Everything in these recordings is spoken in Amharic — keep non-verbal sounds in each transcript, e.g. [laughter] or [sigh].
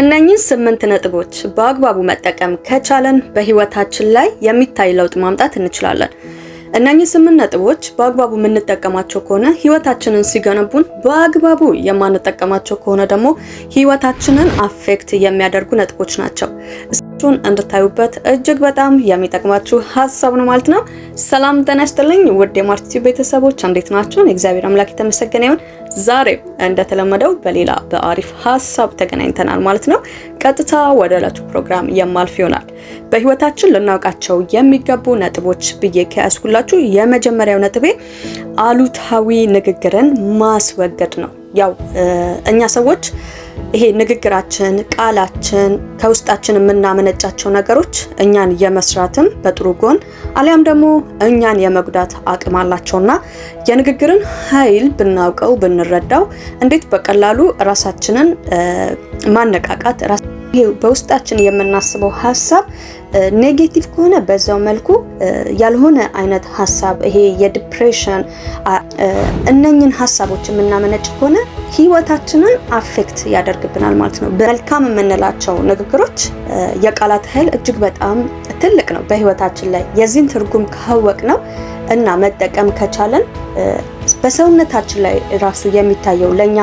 እነኚህን ስምንት ነጥቦች በአግባቡ መጠቀም ከቻለን በህይወታችን ላይ የሚታይ ለውጥ ማምጣት እንችላለን። እነኚህ ስምንት ነጥቦች በአግባቡ የምንጠቀማቸው ከሆነ ህይወታችንን ሲገነቡን፣ በአግባቡ የማንጠቀማቸው ከሆነ ደግሞ ህይወታችንን አፌክት የሚያደርጉ ነጥቦች ናቸው። እሱን እንድታዩበት እጅግ በጣም የሚጠቅማችሁ ሀሳብ ነው ማለት ነው። ሰላም ጤና ይስጥልኝ ውድ የማርቲ ቤተሰቦች እንዴት ናቸውን? እግዚአብሔር አምላክ የተመሰገነ ይሁን። ዛሬ እንደተለመደው በሌላ በአሪፍ ሀሳብ ተገናኝተናል ማለት ነው። ቀጥታ ወደ ዕለቱ ፕሮግራም የማልፍ ይሆናል። በህይወታችን ልናውቃቸው የሚገቡ ነጥቦች ብዬ ከያዝኩላችሁ የመጀመሪያው ነጥቤ አሉታዊ ንግግርን ማስወገድ ነው። ያው እኛ ሰዎች ይሄ ንግግራችን፣ ቃላችን፣ ከውስጣችን የምናመነጫቸው ነገሮች እኛን የመስራትም በጥሩ ጎን አሊያም ደግሞ እኛን የመጉዳት አቅም አላቸውና የንግግርን ኃይል ብናውቀው ብንረዳው እንዴት በቀላሉ ራሳችንን ማነቃቃት በውስጣችን የምናስበው ሀሳብ ኔጌቲቭ ከሆነ በዛው መልኩ ያልሆነ አይነት ሀሳብ ይሄ የዲፕሬሽን እነኝን ሀሳቦች የምናመነጭ ከሆነ ህይወታችንን አፌክት ያደርግብናል ማለት ነው። መልካም የምንላቸው ንግግሮች የቃላት ኃይል እጅግ በጣም ትልቅ ነው በህይወታችን ላይ። የዚህን ትርጉም ካወቅ ነው እና መጠቀም ከቻለን በሰውነታችን ላይ ራሱ የሚታየው ለእኛ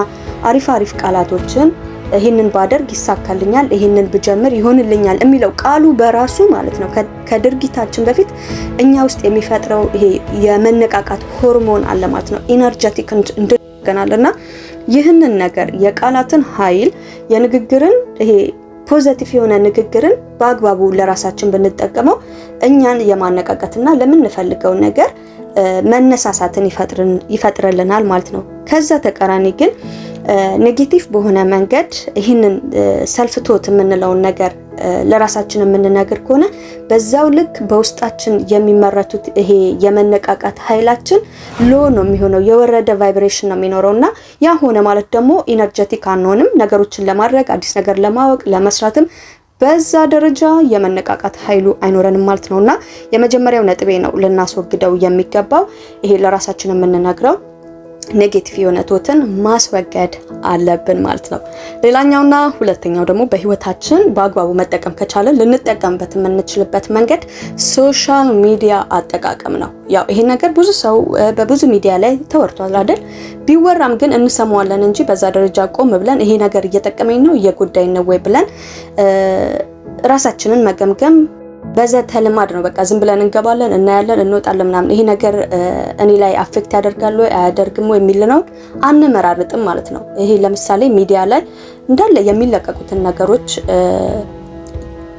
አሪፍ አሪፍ ቃላቶችን ይህንን ባደርግ ይሳካልኛል፣ ይህንን ብጀምር ይሆንልኛል የሚለው ቃሉ በራሱ ማለት ነው ከድርጊታችን በፊት እኛ ውስጥ የሚፈጥረው ይሄ የመነቃቃት ሆርሞን አለ ማለት ነው። ኢነርጀቲክ እንድገናል እና ይህንን ነገር የቃላትን ኃይል የንግግርን ይሄ ፖዘቲቭ የሆነ ንግግርን በአግባቡ ለራሳችን ብንጠቀመው እኛን የማነቃቀትና ለምንፈልገው ነገር መነሳሳትን ይፈጥርልናል ማለት ነው። ከዛ ተቃራኒ ግን ኔጌቲቭ በሆነ መንገድ ይህንን ሰልፍ ቶት የምንለውን ነገር ለራሳችን የምንነግር ከሆነ በዛው ልክ በውስጣችን የሚመረቱት ይሄ የመነቃቃት ኃይላችን ሎ ነው የሚሆነው፣ የወረደ ቫይብሬሽን ነው የሚኖረው እና ያ ሆነ ማለት ደግሞ ኢነርጀቲክ አንሆንም። ነገሮችን ለማድረግ አዲስ ነገር ለማወቅ ለመስራትም በዛ ደረጃ የመነቃቃት ኃይሉ አይኖረንም ማለት እና የመጀመሪያው ነጥቤ ነው ልናስወግደው የሚገባው ይሄ ለራሳችን የምንነግረው ኔጌቲቭ የሆነ ቶትን ማስወገድ አለብን ማለት ነው። ሌላኛውና ሁለተኛው ደግሞ በህይወታችን በአግባቡ መጠቀም ከቻለን ልንጠቀምበት የምንችልበት መንገድ ሶሻል ሚዲያ አጠቃቀም ነው። ያው ይሄ ነገር ብዙ ሰው በብዙ ሚዲያ ላይ ተወርቷል አይደል? ቢወራም ግን እንሰማዋለን እንጂ በዛ ደረጃ ቆም ብለን ይሄ ነገር እየጠቀመኝ ነው እየጎዳኝ ነው ወይ ብለን ራሳችንን መገምገም በዘተ ልማድ ነው። በቃ ዝም ብለን እንገባለን፣ እናያለን፣ እንወጣለን ምናምን። ይሄ ነገር እኔ ላይ አፌክት ያደርጋል ወይ አያደርግም ወይ ነው አንመራርጥም ማለት ነው። ይሄ ለምሳሌ ሚዲያ ላይ እንዳለ የሚለቀቁትን ነገሮች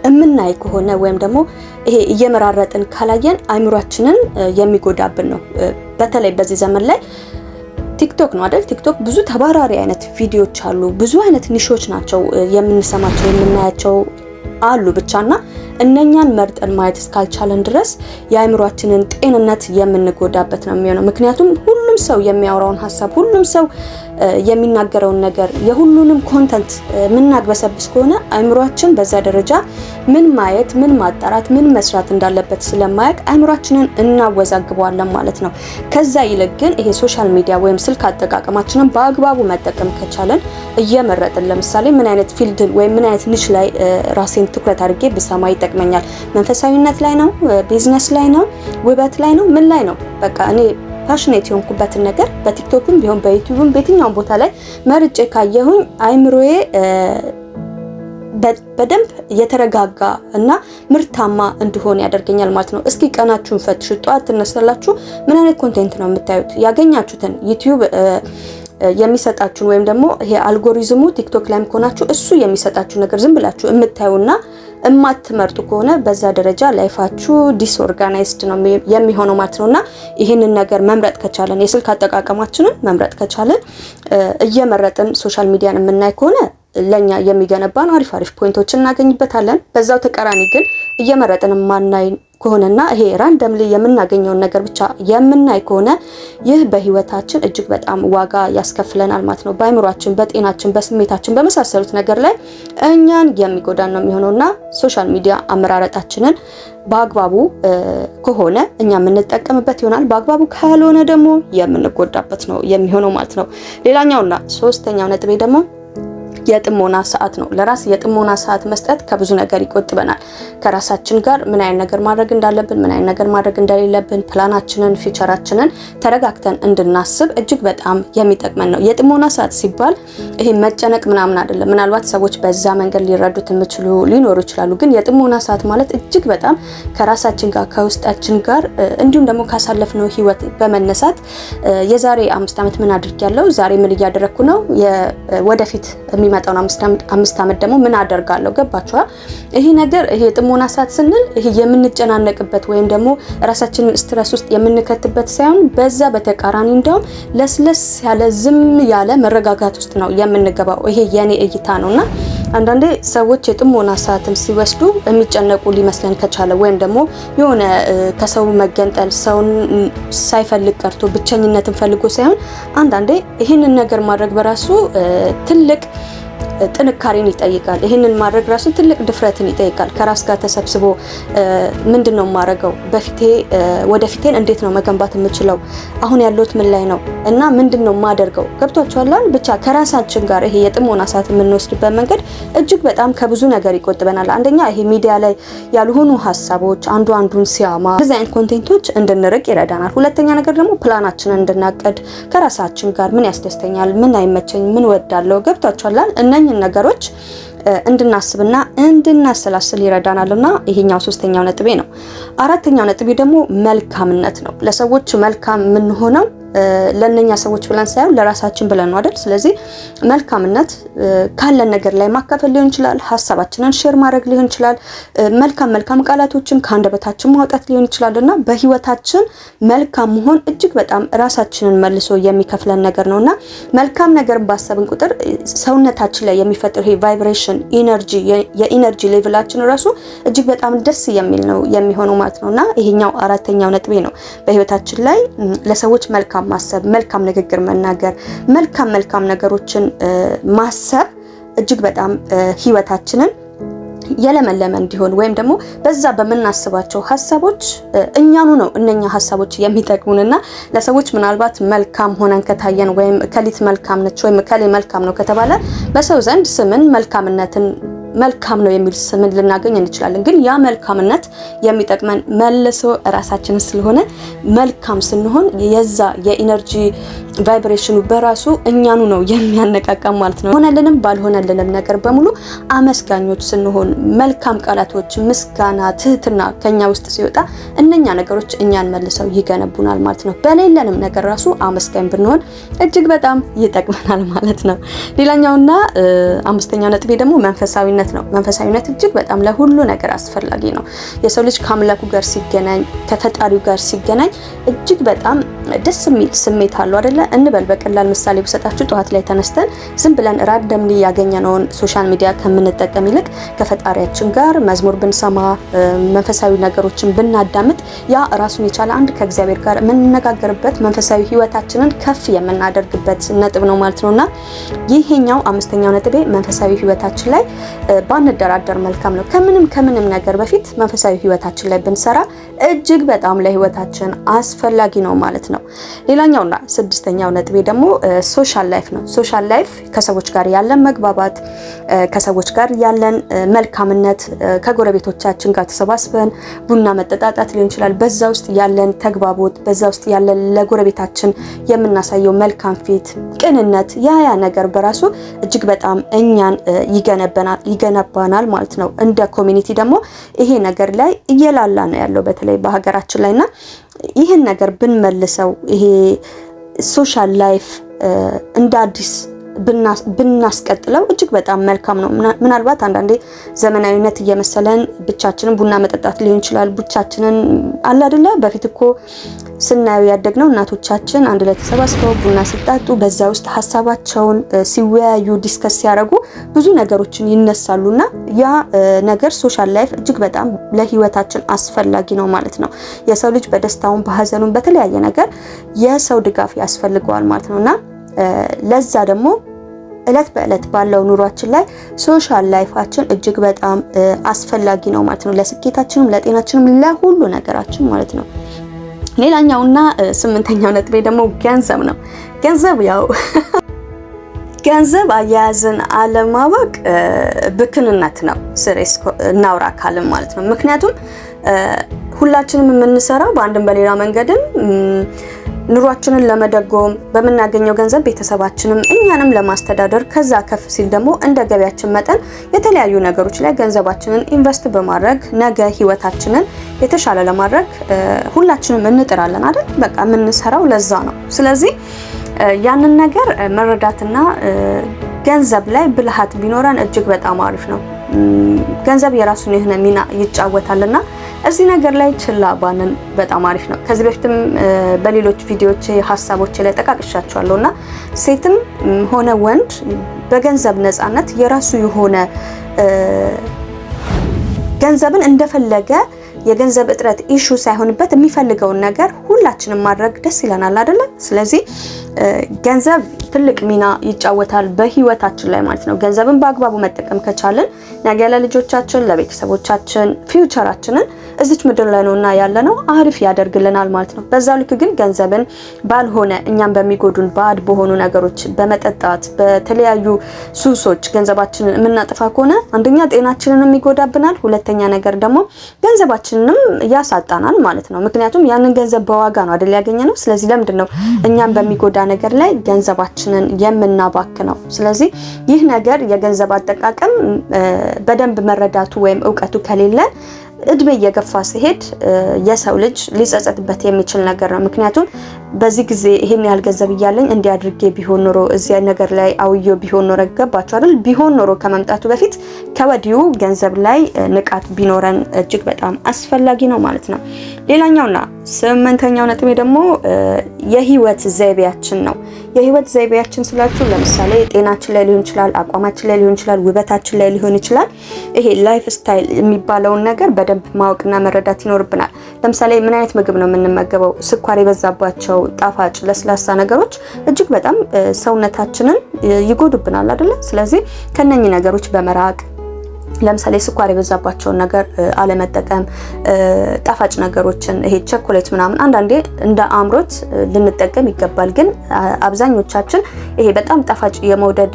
እምናይ ከሆነ ወይም ደግሞ ይሄ እየመራረጥን ካላየን አይምሯችንን የሚጎዳብን ነው። በተለይ በዚህ ዘመን ላይ ቲክቶክ ነው አይደል? ቲክቶክ ብዙ ተባራሪ አይነት ቪዲዮዎች አሉ። ብዙ አይነት ኒሾች ናቸው የምንሰማቸው የምናያቸው አሉ ብቻና እነኛን መርጠን ማየት እስካልቻለን ድረስ የአእምሯችንን ጤንነት የምንጎዳበት ነው የሚሆነው። ምክንያቱም ሁሉም ሰው የሚያወራውን ሀሳብ ሁሉም ሰው የሚናገረውን ነገር የሁሉንም ኮንተንት የምናግበሰብስ ከሆነ አእምሯችን በዛ ደረጃ ምን ማየት፣ ምን ማጣራት፣ ምን መስራት እንዳለበት ስለማያውቅ አእምሯችንን እናወዛግበዋለን ማለት ነው። ከዛ ይልቅ ግን ይሄ ሶሻል ሚዲያ ወይም ስልክ አጠቃቀማችንን በአግባቡ መጠቀም ከቻለን እየመረጥን ለምሳሌ ምን አይነት ፊልድ ወይም ምን አይነት ንች ላይ ራሴን ትኩረት አድርጌ ብሰማ ይጠቅመኛል። መንፈሳዊነት ላይ ነው፣ ቢዝነስ ላይ ነው፣ ውበት ላይ ነው፣ ምን ላይ ነው በቃ እኔ ፓሽኔት የሆንኩበትን ነገር በቲክቶክም ቢሆን በዩቲዩብም በየትኛውም ቦታ ላይ መርጬ ካየሁኝ አይምሮዬ በደንብ የተረጋጋ እና ምርታማ እንድሆን ያደርገኛል ማለት ነው። እስኪ ቀናችሁን ፈትሹ። ጠዋት ትነሳላችሁ፣ ምን አይነት ኮንቴንት ነው የምታዩት? ያገኛችሁትን ዩቲዩብ የሚሰጣችሁን ወይም ደግሞ ይሄ አልጎሪዝሙ ቲክቶክ ላይም ከሆናችሁ እሱ የሚሰጣችሁ ነገር ዝም ብላችሁ የምታዩና እማትመርጡ ከሆነ በዛ ደረጃ ላይፋችሁ ዲስኦርጋናይዝድ ነው የሚሆነው ማለት ነው። እና ይህንን ነገር መምረጥ ከቻለን የስልክ አጠቃቀማችንን መምረጥ ከቻለን እየመረጥን ሶሻል ሚዲያን የምናይ ከሆነ ለኛ የሚገነባን አሪፍ አሪፍ ፖይንቶች እናገኝበታለን። በዛው ተቃራኒ ግን እየመረጥን ማናይ ከሆነና ይሄ ራንደምሊ የምናገኘውን ነገር ብቻ የምናይ ከሆነ ይህ በህይወታችን እጅግ በጣም ዋጋ ያስከፍለናል ማለት ነው። በአይምሯችን፣ በጤናችን፣ በስሜታችን በመሳሰሉት ነገር ላይ እኛን የሚጎዳን ነው የሚሆነውና ሶሻል ሚዲያ አመራረጣችንን በአግባቡ ከሆነ እኛ የምንጠቀምበት ይሆናል። በአግባቡ ካልሆነ ደግሞ የምንጎዳበት ነው የሚሆነው ማለት ነው። ሌላኛውና ሶስተኛው ነጥቤ ደግሞ የጥሞና ሰዓት ነው። ለራስ የጥሞና ሰዓት መስጠት ከብዙ ነገር ይቆጥበናል። ከራሳችን ጋር ምን አይነት ነገር ማድረግ እንዳለብን፣ ምን አይነት ነገር ማድረግ እንደሌለብን፣ ፕላናችንን፣ ፊቸራችንን ተረጋግተን እንድናስብ እጅግ በጣም የሚጠቅመን ነው። የጥሞና ሰዓት ሲባል ይሄ መጨነቅ ምናምን አይደለም። ምናልባት ሰዎች በዛ መንገድ ሊረዱት የሚችሉ ሊኖሩ ይችላሉ። ግን የጥሞና ሰዓት ማለት እጅግ በጣም ከራሳችን ጋር ከውስጣችን ጋር እንዲሁም ደግሞ ካሳለፍነው ህይወት በመነሳት የዛሬ አምስት ዓመት ምን ያለው ዛሬ ምን እያደረግኩ ነው፣ ወደፊት የሚመ የሚመጣውን አምስት ዓመት ደግሞ ምን አደርጋለሁ? ገባችኋ? ይሄ ነገር ይሄ ጥሞና ሰዓት ስንል ይሄ የምንጨናነቅበት ወይም ደግሞ ራሳችንን ስትረስ ውስጥ የምንከትበት ሳይሆን በዛ በተቃራኒ እንዲያውም ለስለስ ያለ ዝም ያለ መረጋጋት ውስጥ ነው የምንገባው። ይሄ የኔ እይታ ነውና አንዳንዴ ሰዎች የጥሞና ሰዓትን ሲወስዱ የሚጨነቁ ሊመስለን ከቻለ ወይም ደግሞ የሆነ ከሰው መገንጠል ሰውን ሳይፈልግ ቀርቶ ብቸኝነትን ፈልጎ ሳይሆን አንዳንዴ ይህንን ነገር ማድረግ በራሱ ትልቅ ጥንካሬን ይጠይቃል። ይህንን ማድረግ ራሱ ትልቅ ድፍረትን ይጠይቃል። ከራስ ጋር ተሰብስቦ ምንድን ነው የማደርገው፣ በፊቴ ወደፊቴን እንዴት ነው መገንባት የምችለው፣ አሁን ያለሁት ምን ላይ ነው እና ምንድን ነው የማደርገው። ገብቷችኋል? ብቻ ከራሳችን ጋር ይሄ የጥሞና ሰዓት የምንወስድበት መንገድ እጅግ በጣም ከብዙ ነገር ይቆጥበናል። አንደኛ ይሄ ሚዲያ ላይ ያልሆኑ ሀሳቦች አንዱ አንዱን ሲያማ እንደዚህ አይነት ኮንቴንቶች እንድንርቅ ይረዳናል። ሁለተኛ ነገር ደግሞ ፕላናችንን እንድናቀድ ከራሳችን ጋር ምን ያስደስተኛል፣ ምን አይመቸኝ፣ ምን ወዳለው ገብቷችኋላል። እነኝን ነገሮች እንድናስብና እንድናሰላስል ይረዳናልና ይሄኛው ሶስተኛው ነጥቤ ነው። አራተኛው ነጥቤ ደግሞ መልካምነት ነው። ለሰዎች መልካም የምንሆነው ለእነኛ ሰዎች ብለን ሳይሆን ለራሳችን ብለን ነው አይደል? ስለዚህ መልካምነት ካለን ነገር ላይ ማካፈል ሊሆን ይችላል። ሀሳባችንን ሼር ማድረግ ሊሆን ይችላል። መልካም መልካም ቃላቶችን ከአንደበታችን ማውጣት ሊሆን ይችላል እና በህይወታችን መልካም መሆን እጅግ በጣም ራሳችንን መልሶ የሚከፍለን ነገር ነው እና መልካም ነገር ባሰብን ቁጥር ሰውነታችን ላይ የሚፈጥር ይሄ ቫይብሬሽን ኢነርጂ የኢነርጂ ሌቭላችን ራሱ እጅግ በጣም ደስ የሚል ነው የሚሆነው ማለት ነው እና ይሄኛው አራተኛው ነጥቤ ነው በህይወታችን ላይ ለሰዎች መልካም መልካም ማሰብ፣ መልካም ንግግር መናገር፣ መልካም መልካም ነገሮችን ማሰብ እጅግ በጣም ህይወታችንን የለመለመ እንዲሆን ወይም ደግሞ በዛ በምናስባቸው ሀሳቦች እኛኑ ነው እነኛ ሀሳቦች የሚጠቅሙንና ለሰዎች ምናልባት መልካም ሆነን ከታየን ወይም እከሊት መልካም ነች ወይም እከሌ መልካም ነው ከተባለ በሰው ዘንድ ስምን መልካምነትን መልካም ነው የሚል ስምን ልናገኝ እንችላለን። ግን ያ መልካምነት የሚጠቅመን መልሶ እራሳችን ስለሆነ መልካም ስንሆን የዛ የኢነርጂ ቫይብሬሽኑ በራሱ እኛኑ ነው የሚያነቃቃ ማለት ነው። ሆነልንም ባልሆነልንም ነገር በሙሉ አመስጋኞች ስንሆን መልካም ቃላቶች፣ ምስጋና፣ ትህትና ከኛ ውስጥ ሲወጣ እነኛ ነገሮች እኛን መልሰው ይገነቡናል ማለት ነው። በሌለንም ነገር ራሱ አመስጋኝ ብንሆን እጅግ በጣም ይጠቅመናል ማለት ነው። ሌላኛውና አምስተኛው ነጥቤ ደግሞ መንፈሳዊነት ነው። መንፈሳዊነት እጅግ በጣም ለሁሉ ነገር አስፈላጊ ነው። የሰው ልጅ ከአምላኩ ጋር ሲገናኝ ከፈጣሪው ጋር ሲገናኝ እጅግ በጣም ደስ የሚል ስሜት አለው አደለ? እንበል በቀላል ምሳሌ ብሰጣችሁ ጠዋት ላይ ተነስተን ዝም ብለን ራንደምሊ ያገኘነውን ሶሻል ሚዲያ ከምንጠቀም ይልቅ ከፈጣሪያችን ጋር መዝሙር ብንሰማ፣ መንፈሳዊ ነገሮችን ብናዳምጥ ያ ራሱን የቻለ አንድ ከእግዚአብሔር ጋር የምንነጋገርበት መንፈሳዊ ህይወታችንን ከፍ የምናደርግበት ነጥብ ነው ማለት ነውና ይሄኛው አምስተኛው ነጥቤ መንፈሳዊ ህይወታችን ላይ ባንደራደር መልካም ነው። ከምንም ከምንም ነገር በፊት መንፈሳዊ ህይወታችን ላይ ብንሰራ እጅግ በጣም ለህይወታችን አስፈላጊ ነው ማለት ነው። ሌላኛውና ስድስተኛ ሁለተኛው ነጥቤ ደግሞ ሶሻል ላይፍ ነው። ሶሻል ላይፍ ከሰዎች ጋር ያለን መግባባት፣ ከሰዎች ጋር ያለን መልካምነት፣ ከጎረቤቶቻችን ጋር ተሰባስበን ቡና መጠጣጣት ሊሆን ይችላል። በዛ ውስጥ ያለን ተግባቦት፣ በዛ ውስጥ ያለን ለጎረቤታችን የምናሳየው መልካም ፊት፣ ቅንነት፣ ያ ነገር በራሱ እጅግ በጣም እኛን ይገነባናል ማለት ነው። እንደ ኮሚኒቲ ደግሞ ይሄ ነገር ላይ እየላላ ነው ያለው በተለይ በሀገራችን ላይ እና ይህን ነገር ብንመልሰው ይሄ ሶሻል ላይፍ እንደ አዲስ ብናስቀጥለው እጅግ በጣም መልካም ነው። ምናልባት አንዳንዴ ዘመናዊነት እየመሰለን ብቻችንን ቡና መጠጣት ሊሆን ይችላል። ብቻችንን አለ አይደለ? በፊት እኮ ስናየው ያደግነው እናቶቻችን አንድ ላይ ተሰባስበው ቡና ሲጣጡ በዛ ውስጥ ሀሳባቸውን ሲወያዩ፣ ዲስከስ ሲያደርጉ ብዙ ነገሮችን ይነሳሉና ያ ነገር ሶሻል ላይፍ እጅግ በጣም ለህይወታችን አስፈላጊ ነው ማለት ነው። የሰው ልጅ በደስታውን በሀዘኑን በተለያየ ነገር የሰው ድጋፍ ያስፈልገዋል ማለት ነውና ለዛ ደግሞ እለት በእለት ባለው ኑሯችን ላይ ሶሻል ላይፋችን እጅግ በጣም አስፈላጊ ነው ማለት ነው። ለስኬታችንም፣ ለጤናችንም፣ ለሁሉ ነገራችን ማለት ነው። ሌላኛውና ስምንተኛው ነጥቤ ደግሞ ገንዘብ ነው። ገንዘብ ያው [laughs] ገንዘብ አያያዝን አለማወቅ ብክንነት ነው። ስሬስ እናውራ ካልን ማለት ነው። ምክንያቱም ሁላችንም የምንሰራው በአንድም በሌላ መንገድም ኑሯችንን ለመደጎም በምናገኘው ገንዘብ ቤተሰባችንም እኛንም ለማስተዳደር ከዛ ከፍ ሲል ደግሞ እንደ ገቢያችን መጠን የተለያዩ ነገሮች ላይ ገንዘባችንን ኢንቨስት በማድረግ ነገ ህይወታችንን የተሻለ ለማድረግ ሁላችንም እንጥራለን አይደል? በቃ የምንሰራው ለዛ ነው። ስለዚህ ያንን ነገር መረዳትና ገንዘብ ላይ ብልሃት ቢኖረን እጅግ በጣም አሪፍ ነው። ገንዘብ የራሱን የሆነ ሚና ይጫወታልና እዚህ ነገር ላይ ችላ ባንን በጣም አሪፍ ነው። ከዚህ በፊትም በሌሎች ቪዲዮዎች ሀሳቦች ላይ ጠቃቅሻቸዋለሁ እና ሴትም ሆነ ወንድ በገንዘብ ነፃነት የራሱ የሆነ ገንዘብን እንደፈለገ የገንዘብ እጥረት ኢሹ ሳይሆንበት የሚፈልገውን ነገር ሁላችንም ማድረግ ደስ ይለናል አይደለ? ስለዚህ ገንዘብ ትልቅ ሚና ይጫወታል በህይወታችን ላይ ማለት ነው። ገንዘብን በአግባቡ መጠቀም ከቻልን ነገ ለልጆቻችን፣ ለቤተሰቦቻችን፣ ፊውቸራችንን እዚች ምድር ላይ ነውና ነው አሪፍ ያደርግልናል ማለት ነው። በዛ ልክ ግን ገንዘብን ባልሆነ እኛም በሚጎዱን ባድ በሆኑ ነገሮች በመጠጣት በተለያዩ ሱሶች ገንዘባችንን የምናጠፋ ከሆነ አንደኛ ጤናችንን ይጎዳብናል፣ ሁለተኛ ነገር ደግሞ ገንዘባችን ራሳችንንም ያሳጣናል ማለት ነው። ምክንያቱም ያንን ገንዘብ በዋጋ ነው አይደል ያገኘ ነው። ስለዚህ ለምንድን ነው እኛም በሚጎዳ ነገር ላይ ገንዘባችንን የምናባክ ነው። ስለዚህ ይህ ነገር የገንዘብ አጠቃቀም በደንብ መረዳቱ ወይም እውቀቱ ከሌለ እድሜ እየገፋ ሲሄድ የሰው ልጅ ሊጸጸትበት የሚችል ነገር ነው። ምክንያቱም በዚህ ጊዜ ይሄን ያህል ገንዘብ እያለኝ አድርጌ ቢሆን ኖሮ እዚያ ነገር ላይ አውዮ ቢሆን ኖሮ ገባችሁ አይደል? ቢሆን ኖሮ ከመምጣቱ በፊት ከወዲሁ ገንዘብ ላይ ንቃት ቢኖረን እጅግ በጣም አስፈላጊ ነው ማለት ነው። ሌላኛውና ስምንተኛው ነጥቤ ደግሞ የህይወት ዘይቤያችን ነው። የህይወት ዘይቤያችን ስላችሁ ለምሳሌ ጤናችን ላይ ሊሆን ይችላል፣ አቋማችን ላይ ሊሆን ይችላል፣ ውበታችን ላይ ሊሆን ይችላል። ይሄ ላይፍ ስታይል የሚባለውን ነገር በደንብ ማወቅና መረዳት ይኖርብናል። ለምሳሌ ምን አይነት ምግብ ነው የምንመገበው? ስኳር የበዛባቸው ጣፋጭ፣ ለስላሳ ነገሮች እጅግ በጣም ሰውነታችንን ይጎዱብናል አይደለ? ስለዚህ ከነኚህ ነገሮች በመራቅ ለምሳሌ ስኳር የበዛባቸውን ነገር አለመጠቀም፣ ጣፋጭ ነገሮችን ይሄ ቸኮሌት ምናምን አንዳንዴ እንደ አእምሮት ልንጠቀም ይገባል። ግን አብዛኞቻችን ይሄ በጣም ጣፋጭ የመውደድ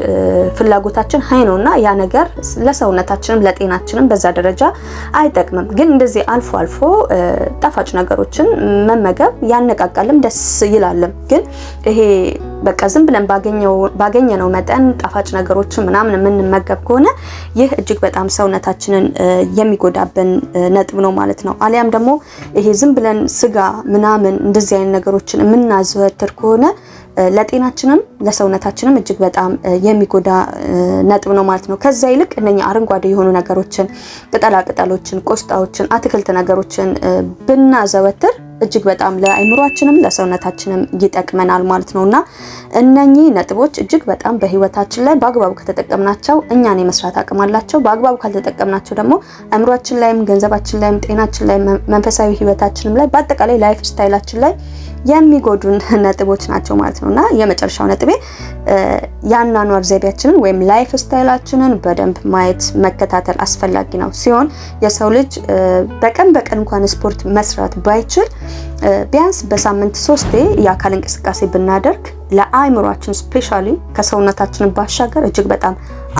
ፍላጎታችን ሀይ ነውና ያ ነገር ለሰውነታችንም ለጤናችንም በዛ ደረጃ አይጠቅምም። ግን እንደዚህ አልፎ አልፎ ጣፋጭ ነገሮችን መመገብ ያነቃቃልም ደስ ይላልም። ግን ይሄ በቃ ዝም ብለን ባገኘነው መጠን ጣፋጭ ነገሮችን ምናምን የምንመገብ ከሆነ ይህ እጅግ በጣም ሰውነታችንን የሚጎዳብን ነጥብ ነው ማለት ነው። አሊያም ደግሞ ይሄ ዝም ብለን ስጋ ምናምን እንደዚህ አይነት ነገሮችን የምናዘወትር ከሆነ ለጤናችንም ለሰውነታችንም እጅግ በጣም የሚጎዳ ነጥብ ነው ማለት ነው። ከዛ ይልቅ እነኛ አረንጓዴ የሆኑ ነገሮችን ቅጠላ ቅጠሎችን፣ ቆስጣዎችን፣ አትክልት ነገሮችን ብናዘወትር እጅግ በጣም ለአይምሯችንም ለሰውነታችንም ይጠቅመናል ማለት ነው እና እነኚህ ነጥቦች እጅግ በጣም በህይወታችን ላይ በአግባቡ ከተጠቀምናቸው እኛን የመስራት አቅም አላቸው። በአግባቡ ካልተጠቀምናቸው ደግሞ አይምሯችን ላይም፣ ገንዘባችን ላይም፣ ጤናችን ላይ፣ መንፈሳዊ ህይወታችንም ላይ በአጠቃላይ ላይፍ ስታይላችን ላይ የሚጎዱን ነጥቦች ናቸው ማለት ነው እና የመጨረሻው ነጥቤ የአኗኗር ዘይቤያችንን ወይም ላይፍ ስታይላችንን በደንብ ማየት መከታተል አስፈላጊ ነው ሲሆን የሰው ልጅ በቀን በቀን እንኳን ስፖርት መስራት ባይችል ቢያንስ በሳምንት ሶስቴ የአካል እንቅስቃሴ ብናደርግ ለአእምሯችን ስፔሻሊ ከሰውነታችን ባሻገር እጅግ በጣም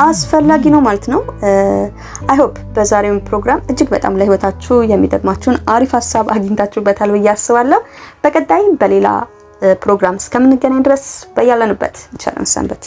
አስፈላጊ ነው ማለት ነው። አይሆፕ በዛሬውን በዛሬው ፕሮግራም እጅግ በጣም ለህይወታችሁ የሚጠቅማችሁን አሪፍ ሀሳብ አግኝታችሁበታል ብዬ አስባለሁ። በቀጣይ በሌላ ፕሮግራም እስከምንገናኝ ድረስ በያለንበት ቸር እንሰንብት።